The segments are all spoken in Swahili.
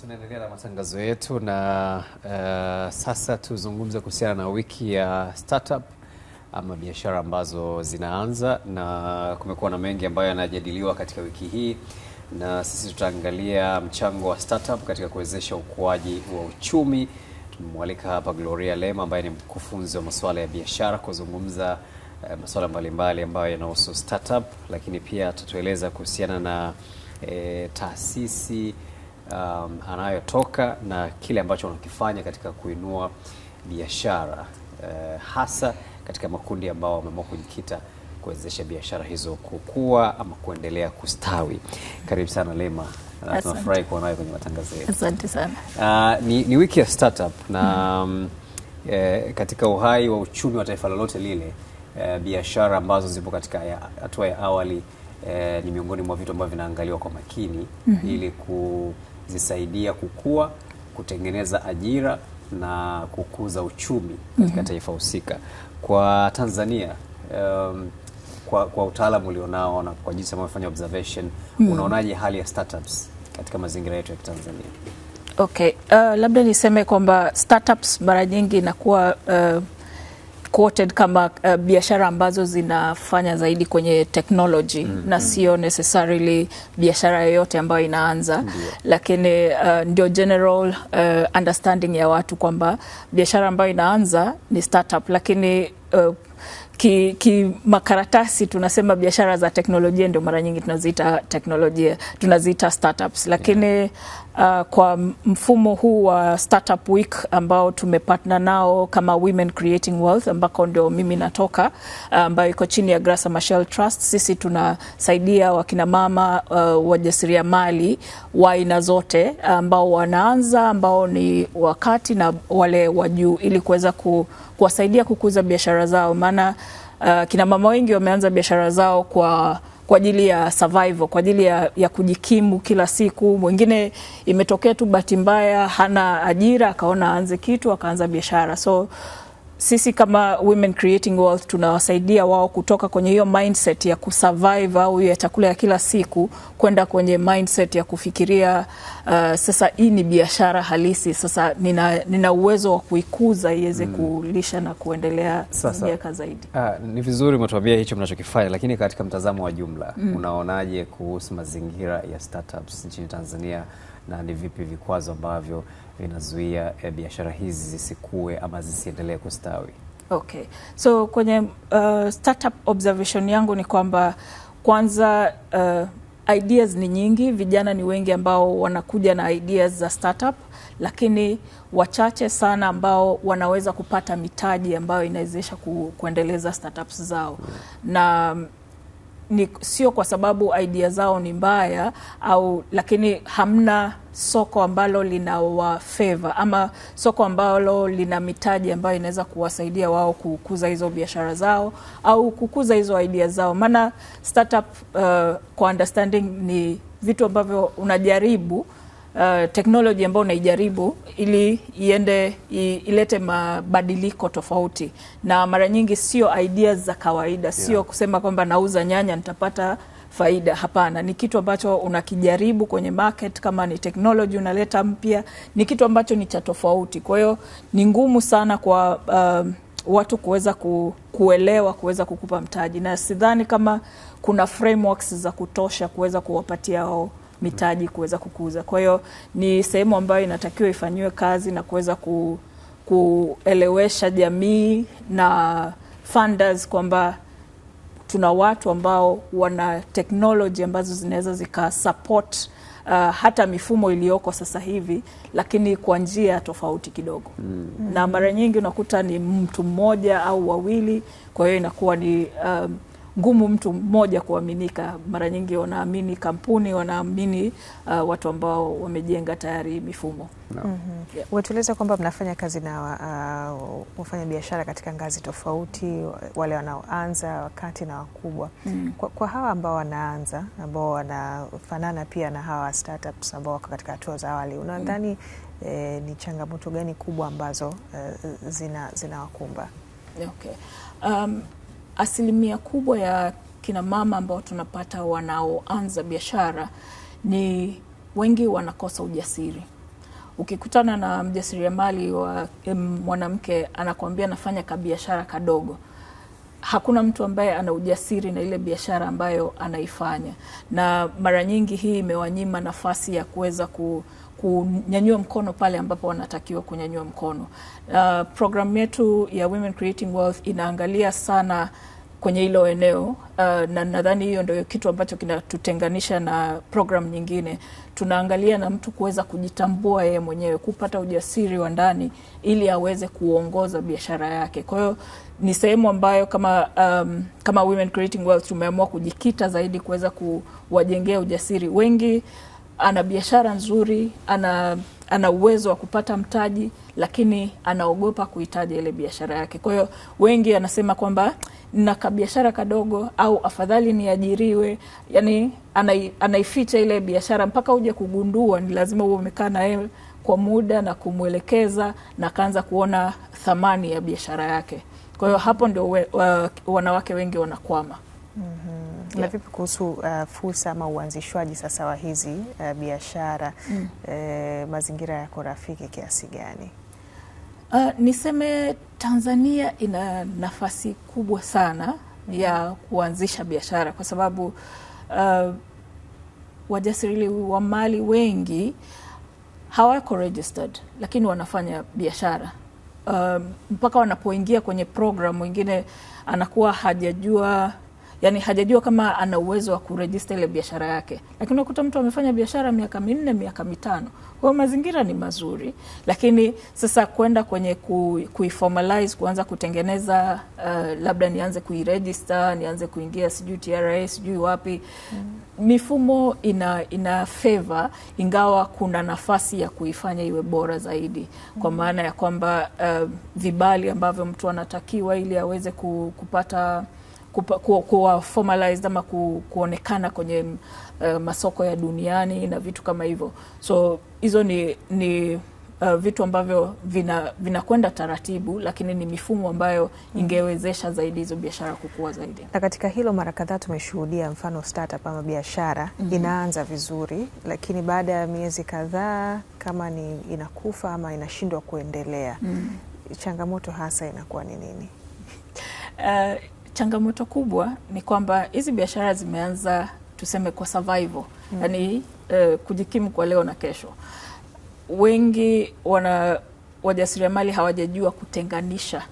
tunaendelea na matangazo yetu na uh, sasa tuzungumze kuhusiana na wiki ya startup ama biashara ambazo zinaanza, na kumekuwa na mengi ambayo yanajadiliwa katika wiki hii, na sisi tutaangalia mchango wa startup katika kuwezesha ukuaji wa uchumi. Tumemwalika hapa Gloria Lema ambaye ni mkufunzi wa masuala ya biashara kuzungumza uh, masuala mbalimbali ambayo yanahusu startup, lakini pia atatueleza kuhusiana na uh, taasisi um, anayotoka na kile ambacho wanakifanya katika kuinua biashara uh, hasa katika makundi ambao wameamua kujikita kuwezesha biashara hizo kukua ama kuendelea kustawi. Karibu sana Lema, tunafurahi kuwa nayo kwenye matangazo yetu. Asante sana. Uh, ni, ni wiki ya startup na mm. Uh, katika uhai wa uchumi wa taifa lolote lile uh, biashara ambazo zipo katika hatua ya, ya awali eh, ni miongoni mwa vitu ambavyo vinaangaliwa kwa makini mm -hmm. ili kuzisaidia kukua, kutengeneza ajira na kukuza uchumi katika mm -hmm. taifa husika. Kwa Tanzania um, kwa, kwa utaalamu ulionao na kwa jinsi unavyofanya observation mm. unaonaje hali ya startups katika mazingira yetu ya Tanzania? Okay, uh, labda niseme kwamba startups mara nyingi inakuwa uh, quoted kama uh, biashara ambazo zinafanya zaidi kwenye technology mm -hmm. na mm. sio necessarily biashara yoyote ambayo inaanza -hmm. Lakini uh, ndio general uh, understanding ya watu kwamba biashara ambayo inaanza ni startup, lakini uh, ki, ki makaratasi tunasema biashara za teknolojia ndio mara nyingi tunaziita teknolojia, tunaziita startups lakini yeah uh, kwa mfumo huu wa Startup Week ambao tumepartner nao kama Women Creating Wealth ambako ndio mimi natoka, uh, ambayo iko chini ya Grasa Machel Trust. Sisi tunasaidia wakinamama uh, wajasiriamali wa aina zote ambao wanaanza, ambao ni wakati na wale wa juu, ili kuweza ku, kuwasaidia kukuza biashara zao, maana uh, kinamama wengi wameanza biashara zao kwa kwa ajili ya survival, kwa ajili ya, ya kujikimu kila siku. Mwingine imetokea tu bahati mbaya hana ajira, akaona aanze kitu, akaanza biashara so sisi kama Women Creating Wealth tunawasaidia wao kutoka kwenye hiyo mindset ya kusurvive au ya chakula ya kila siku kwenda kwenye mindset ya kufikiria uh, sasa hii ni biashara halisi, sasa nina, nina uwezo wa kuikuza iweze mm. kulisha na kuendelea miaka zaidi. Uh, ni vizuri umetuambia hicho mnachokifanya, lakini katika mtazamo wa jumla mm. unaonaje kuhusu mazingira ya startups nchini Tanzania na ni vipi vikwazo ambavyo vinazuia eh, biashara hizi zisikue ama zisiendelee kustawi? Okay. So kwenye uh, startup observation yangu ni kwamba kwanza uh, ideas ni nyingi, vijana ni wengi ambao wanakuja na ideas za startup, lakini wachache sana ambao wanaweza kupata mitaji ambayo inawezesha ku, kuendeleza startups zao na ni sio kwa sababu idea zao ni mbaya au, lakini hamna soko ambalo lina wa ama soko ambalo lina mitaji ambayo inaweza kuwasaidia wao kukuza hizo biashara zao au kukuza hizo idea zao. Maana startup uh, kwa understanding ni vitu ambavyo unajaribu Uh, teknoloji ambayo unaijaribu ili iende i, ilete mabadiliko tofauti, na mara nyingi sio idia za kawaida, sio yeah. kusema kwamba nauza nyanya nitapata faida. Hapana, ni kitu ambacho unakijaribu kwenye market. Kama ni teknoloji unaleta mpya, ni kitu ambacho ni cha tofauti. Kwa hiyo ni ngumu sana kwa uh, watu kuweza ku, kuelewa kuweza kukupa mtaji, na sidhani kama kuna frameworks za kutosha kuweza kuwapatia wao mitaji kuweza kukuza. Kwa hiyo ni sehemu ambayo inatakiwa ifanyiwe kazi na kuweza ku, kuelewesha jamii na funders kwamba tuna watu ambao wana teknoloji ambazo zinaweza zikasupport uh, hata mifumo iliyoko sasa hivi, lakini kwa njia tofauti kidogo mm. na mara nyingi unakuta ni mtu mmoja au wawili, kwa hiyo inakuwa ni um, ngumu mtu mmoja kuaminika. Mara nyingi wanaamini kampuni, wanaamini uh, watu ambao wamejenga tayari mifumo no. mm -hmm. yeah. kwamba mnafanya kazi na uh, wafanya biashara katika ngazi tofauti, wale wanaoanza, wakati na wakubwa mm. Kwa, kwa hawa ambao wanaanza ambao wanafanana pia na hawa startups ambao wako katika hatua za awali unadhani mm. E, ni changamoto gani kubwa ambazo e, zinawakumba zina okay. um, asilimia kubwa ya kina mama ambao tunapata wanaoanza biashara ni wengi wanakosa ujasiri. Ukikutana na mjasiriamali wa mwanamke anakuambia anafanya kabiashara kadogo, hakuna mtu ambaye ana ujasiri na ile biashara ambayo anaifanya, na mara nyingi hii imewanyima nafasi ya kuweza ku kunyanyua mkono pale ambapo wanatakiwa kunyanyua mkono. Uh, programu yetu ya Women Creating Wealth inaangalia sana kwenye hilo eneo uh, na nadhani hiyo ndio kitu ambacho kinatutenganisha na program nyingine. Tunaangalia na mtu kuweza kujitambua yeye mwenyewe, kupata ujasiri wa ndani ili aweze kuongoza biashara yake. Kwa hiyo ni sehemu ambayo kama, um, kama Women Creating Wealth tumeamua kujikita zaidi kuweza kuwajengea ujasiri wengi ana biashara nzuri, ana ana uwezo wa kupata mtaji, lakini anaogopa kuitaja ile biashara yake. Kwa hiyo wengi anasema kwamba na kabiashara kadogo au afadhali niajiriwe, yani anai, anaificha ile biashara mpaka uje kugundua, ni lazima uwe umekaa naye kwa muda na kumwelekeza na kaanza kuona thamani ya biashara yake. Kwa hiyo hapo ndio we, wa, wanawake wengi wanakwama. mm -hmm na yeah. Vipi kuhusu uh, fursa ama uanzishwaji sasa wa hizi uh, biashara mm. uh, mazingira yako rafiki kiasi gani? Uh, niseme Tanzania ina nafasi kubwa sana mm. ya kuanzisha biashara kwa sababu uh, wajasiriamali wengi hawako registered lakini wanafanya biashara um, mpaka wanapoingia kwenye programu, wengine anakuwa hajajua yani hajajua kama ana uwezo wa kurejista ile biashara yake, lakini unakuta mtu amefanya biashara miaka minne, miaka mitano. Kwa hiyo mazingira ni mazuri, lakini sasa kwenda kwenye ku, kuiformalize kuanza kutengeneza uh, labda nianze kuirejista nianze kuingia sijui TRA sijui wapi mm. mifumo ina, ina favor, ingawa kuna nafasi ya kuifanya iwe bora zaidi mm. kwa maana ya kwamba uh, vibali ambavyo mtu anatakiwa ili aweze kupata kuwa, formalized ama ku, kuonekana kwenye uh, masoko ya duniani na vitu kama hivyo. So hizo ni, ni uh, vitu ambavyo vinakwenda vina taratibu, lakini ni mifumo ambayo ingewezesha zaidi hizo biashara kukua zaidi. Na katika hilo mara kadhaa tumeshuhudia mfano startup ama biashara mm -hmm. inaanza vizuri, lakini baada ya miezi kadhaa kama ni inakufa ama inashindwa kuendelea mm -hmm. changamoto hasa inakuwa ni nini? uh, changamoto kubwa ni kwamba hizi biashara zimeanza tuseme kwa survival mm. Yani eh, kujikimu kwa leo na kesho. Wengi wana wajasiriamali hawajajua kutenganisha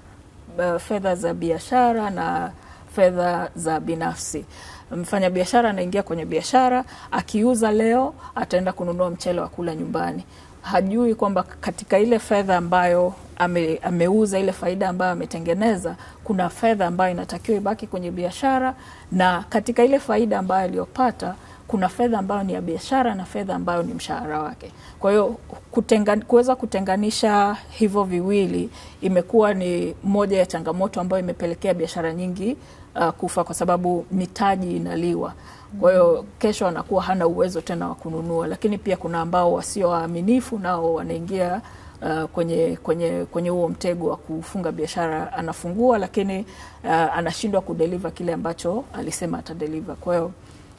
uh, fedha za biashara na fedha za binafsi. Mfanya biashara anaingia kwenye biashara, akiuza leo, ataenda kununua mchele wa kula nyumbani hajui kwamba katika ile fedha ambayo ame, ameuza ile faida ambayo ametengeneza, kuna fedha ambayo inatakiwa ibaki kwenye biashara, na katika ile faida ambayo aliyopata kuna fedha ambayo ni ya biashara na fedha ambayo ni mshahara wake. Kwa hiyo kutenga, kuweza kutenganisha hivyo viwili imekuwa ni moja ya changamoto ambayo imepelekea biashara nyingi uh, kufa kwa sababu mitaji inaliwa. Kwa hiyo kesho anakuwa hana uwezo tena wa kununua, lakini pia kuna ambao wasio waaminifu nao wanaingia Uh, kwenye kwenye kwenye huo mtego wa kufunga biashara anafungua, lakini uh, anashindwa kudeliver kile ambacho alisema atadeliver. Kwa hiyo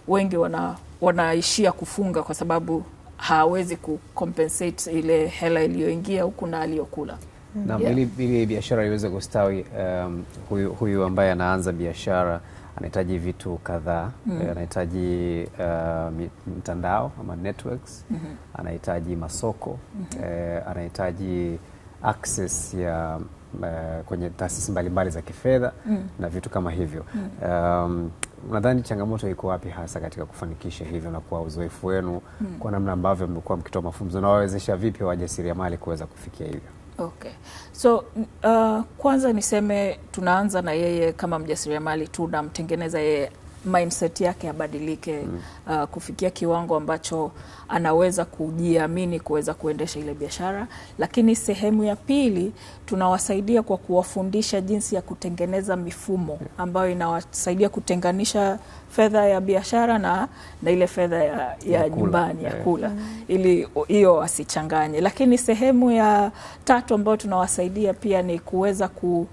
wengi wana, wanaishia kufunga kwa sababu hawezi kucompensate ile hela iliyoingia huku na aliyokula na Ili, yeah. biashara iweze kustawi um, huyu, huyu ambaye anaanza biashara anahitaji vitu kadhaa mm. Anahitaji uh, mtandao ama networks mm -hmm. Anahitaji masoko mm -hmm. Uh, anahitaji access ya uh, kwenye taasisi mbalimbali za kifedha mm. na vitu kama hivyo mm. Um, nadhani changamoto iko wapi hasa katika kufanikisha hivyo, na kwa uzoefu wenu mm. kwa namna ambavyo mmekuwa mkitoa mafunzo, nawawezesha vipi wajasiriamali kuweza kufikia hivyo? Okay. So uh, kwanza niseme tunaanza na yeye kama mjasiriamali, namtengeneza yeye mindset yake abadilike mm. uh, kufikia kiwango ambacho anaweza kujiamini kuweza kuendesha ile biashara. Lakini sehemu ya pili tunawasaidia kwa kuwafundisha jinsi ya kutengeneza mifumo mm. ambayo inawasaidia kutenganisha fedha ya biashara na, na ile fedha ya, ya nyumbani ya eh. kula yeah. Mm. ili hiyo wasichanganye. Lakini sehemu ya tatu ambayo tunawasaidia pia ni kuweza ku,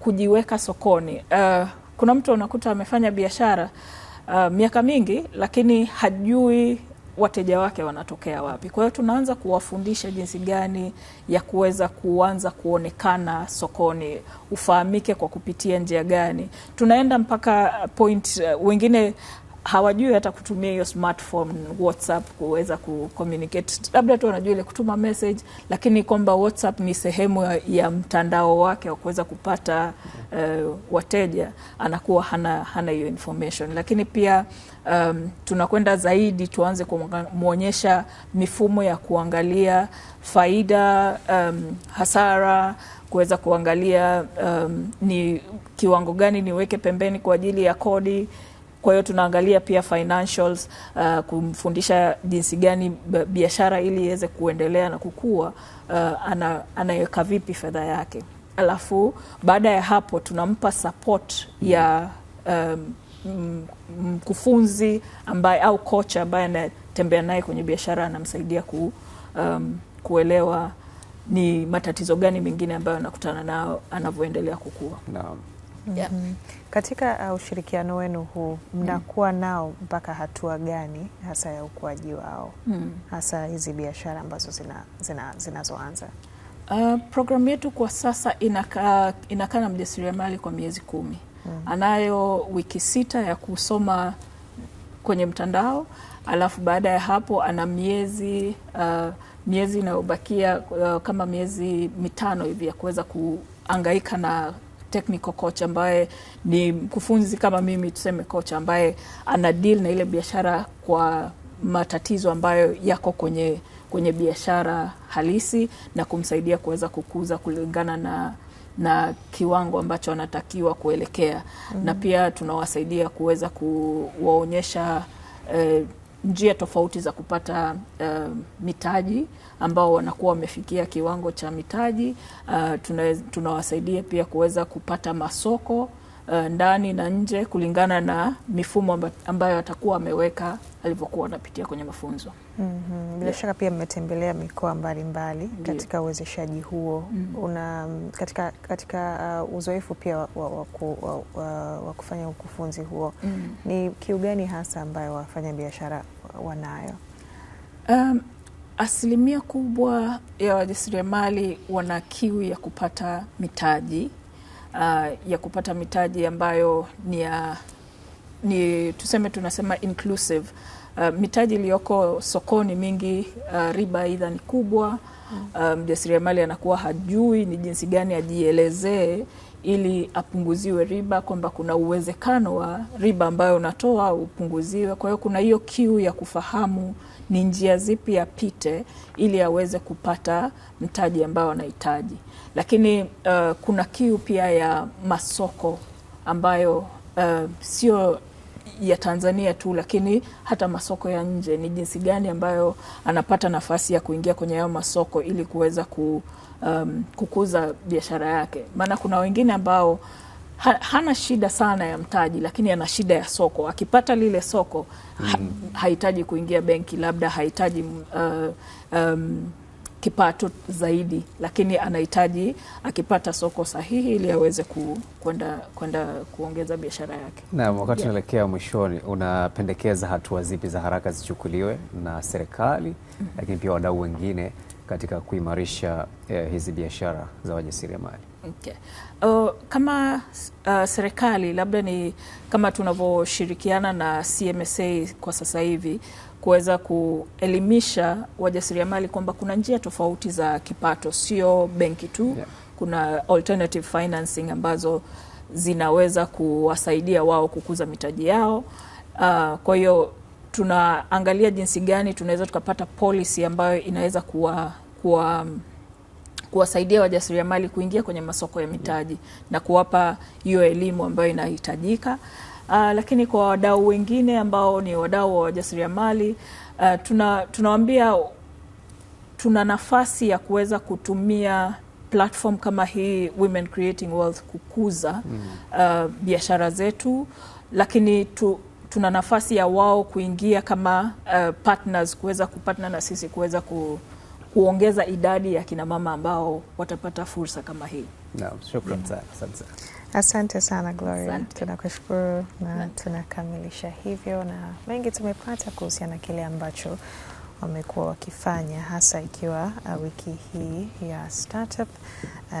kujiweka sokoni uh, kuna mtu unakuta amefanya biashara uh, miaka mingi, lakini hajui wateja wake wanatokea wapi. Kwa hiyo tunaanza kuwafundisha jinsi gani ya kuweza kuanza kuonekana sokoni, ufahamike kwa kupitia njia gani. Tunaenda mpaka point uh, wengine hawajui hata kutumia hiyo smartphone WhatsApp kuweza kucommunicate, labda tu wanajua ile kutuma message, lakini kwamba WhatsApp ni sehemu ya, ya mtandao wake wa kuweza kupata uh, wateja, anakuwa hana hana hiyo information. Lakini pia um, tunakwenda zaidi, tuanze kumwonyesha mifumo ya kuangalia faida um, hasara kuweza kuangalia um, ni kiwango gani niweke pembeni kwa ajili ya kodi kwa hiyo tunaangalia pia financials uh, kumfundisha jinsi gani biashara ili iweze kuendelea na kukua uh, ana, anaweka vipi fedha yake, alafu baada ya hapo tunampa support ya um, mkufunzi ambaye au kocha ambaye anatembea naye kwenye biashara anamsaidia ku, um, kuelewa ni matatizo gani mengine ambayo anakutana nao anavyoendelea kukua. Naam yeah. mm -hmm. Katika uh, ushirikiano wenu huu mnakuwa mm. nao mpaka hatua gani hasa ya ukuaji wao mm. hasa hizi biashara ambazo zinazoanza zina, zina Uh, programu yetu kwa sasa inakaa inaka na mjasiriamali kwa miezi kumi. mm Anayo wiki sita ya kusoma kwenye mtandao, alafu baada ya hapo ana miezi uh, miezi inayobakia uh, kama miezi mitano hivi ya kuweza kuangaika na technical coach ambaye ni mkufunzi kama mimi, tuseme coach ambaye ana deal na ile biashara kwa matatizo ambayo yako kwenye, kwenye biashara halisi na kumsaidia kuweza kukuza kulingana na na kiwango ambacho anatakiwa kuelekea. Mm -hmm. Na mm-hmm. pia tunawasaidia kuweza kuwaonyesha eh, njia tofauti za kupata uh, mitaji ambao wanakuwa wamefikia kiwango cha mitaji uh, tunawasaidia tuna pia kuweza kupata masoko uh, ndani na nje kulingana na mifumo ambayo atakuwa ameweka alivyokuwa wanapitia kwenye mafunzo. mm -hmm. Bila yeah. shaka pia mmetembelea mikoa mbalimbali katika uwezeshaji huo. mm -hmm. Una katika, katika uh, uzoefu pia wa, wa, wa, wa, wa, kufanya ukufunzi huo. mm -hmm. Ni kiu gani hasa ambayo wafanya biashara wanayo. Um, asilimia kubwa ya wajasiriamali wana kiu ya kupata mitaji uh, ya kupata mitaji ambayo ni ya ni tuseme tunasema inclusive uh, mitaji iliyoko sokoni mingi uh, riba aidha ni kubwa mm. uh, mjasiriamali um, anakuwa hajui ni jinsi gani ajielezee ili apunguziwe riba, kwamba kuna uwezekano wa riba ambayo unatoa upunguziwe. Kwa hiyo kuna hiyo kiu ya kufahamu ni njia zipi apite ili aweze kupata mtaji ambao anahitaji, lakini uh, kuna kiu pia ya masoko ambayo uh, sio ya Tanzania tu lakini hata masoko ya nje, ni jinsi gani ambayo anapata nafasi ya kuingia kwenye hayo masoko ili kuweza ku um, kukuza biashara yake, maana kuna wengine ambao ha, hana shida sana ya mtaji, lakini ana shida ya soko. Akipata lile soko ha, mm. hahitaji kuingia benki, labda hahitaji uh, um, kipato zaidi, lakini anahitaji akipata soko sahihi ili aweze ku, kwenda kuongeza biashara yake. Naam, wakati unaelekea yeah, mwishoni, unapendekeza hatua zipi za haraka zichukuliwe na serikali mm -hmm, lakini pia wadau wengine katika kuimarisha eh, hizi biashara za wajasiriamali. Okay. Uh, kama uh, serikali labda ni kama tunavyoshirikiana na CMSA kwa sasa hivi kuweza kuelimisha wajasiriamali kwamba kuna njia tofauti za kipato, sio benki tu yeah. Kuna alternative financing ambazo zinaweza kuwasaidia wao kukuza mitaji yao. Uh, kwa hiyo tunaangalia jinsi gani tunaweza tukapata policy ambayo inaweza kuwa, kuwa kuwasaidia wajasiriamali kuingia kwenye masoko ya mitaji na kuwapa hiyo elimu ambayo inahitajika. Uh, lakini kwa wadau wengine ambao ni wadau wa wajasiriamali uh, tuna tunawaambia tuna nafasi ya kuweza kutumia platform kama hii Women Creating Wealth kukuza uh, biashara zetu, lakini tu, tuna nafasi ya wao kuingia kama uh, partners kuweza kupatna na sisi kuweza ku, kuongeza idadi ya kinamama ambao watapata fursa kama hii. Naam, shukran sana. Asante sana. Asante sana Gloria, tunakushukuru na tunakamilisha hivyo, na mengi tumepata kuhusiana na kile ambacho wamekuwa wakifanya hasa ikiwa uh, wiki hii ya startup uh,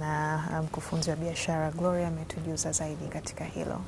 na uh, mkufunzi um, wa biashara Gloria ametujuza zaidi katika hilo.